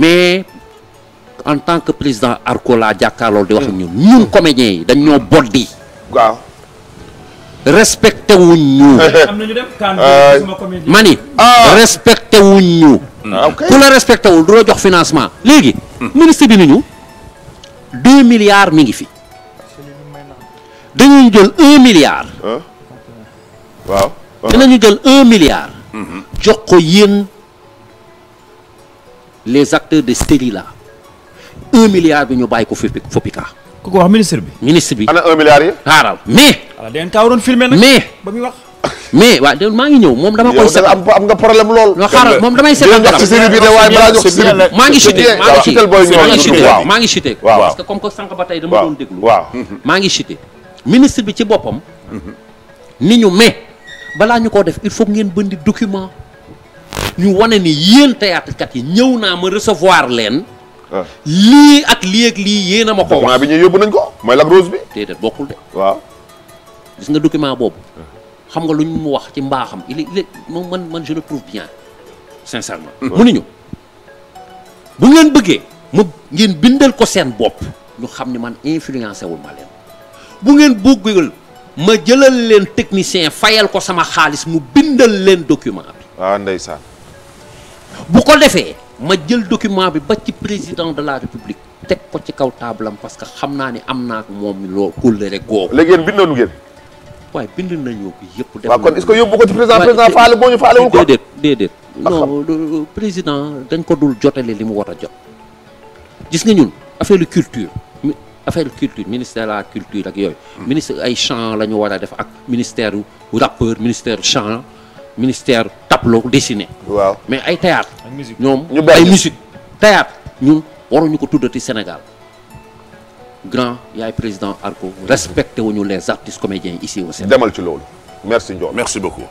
mais en tant que président arcola laa di wax ak ñun ñun comédiens yi dañ ñoo boddi waaw respecté wuñ euh, ah. ah, ku la respecté du la jox financement. léegi. Hmm. ministre bi ni ñu. deux milliards mi ngi fi. dañuy jël un milliard. Ah. waaw. dinañu jël milliard. Hmm. jox ko yéen. les acteurs de série là un milliard bi ñu bàyyi ko Fopi Fopica. ku ko wax ministre bi. ministre bi ana un milliard yi. xaaral mais. voilà da ngeen mais ba muy wax. mais waa maa ngi ñëw moom dama koy. seetal am nga problème lool. moom damay seetal maa ngi chuté maa ngi chuté parce que comme que sànq ba tey dama doon déglu. waaw maa ngi chuté ministre bi ci boppam. Mm-hmm. ni ñu mais balaa ñu ko def il faut ngeen bëndi document. ñu wane ni yéen théâtre kat yi ñëw naa ma recevoir leen. Ah. lii ak lii ak lii yéen a ma ko wax. bi ñu yóbbu nañ ko mooy Lac Rose bi. déedéet bokkul de. waaw gis nga document boobu. xam nga lu ñu mu wax ci mbaaxam il est moom man man je le trouve bien sincèrement. mu ni ñu bu ngeen bëggee ma ngeen bindal ko seen bopp ñu xam ni man influencé wul ma leen bu ngeen bëggul ma jëlal leen technicien fayal ko sama xaalis mu bindal leen document bi. waaw ah, bu ko defee ma jël document bi ba ci président de la république teg ko ci kaw taabalam parce que xam naa ni am naa moom loo kóllëre googu. léegi yéen bind nañu ngeen. waaye bind nañu ko yëpp. def kon est-ce que ko ci président président faale boo ñu faalewul ko déedéet déedéet. non président dañ ko dul jotale li mu war a jot. gis nga ñun affaire culture affaire culture ministère la culture ak yooyu. Hmm. ministre ay chant la ñu war a def ak ministère rappeur ministère chant. ministère tableau dessiné. waaw mais ay théâtre ñoom ay musique théâtre ñun waruñu ko tuddati Sénégal grand yaay président Arco respecté wuñu les artistes comédiens ici au Sénégal. demal ci loolu merci Ndiol merci beaucoup.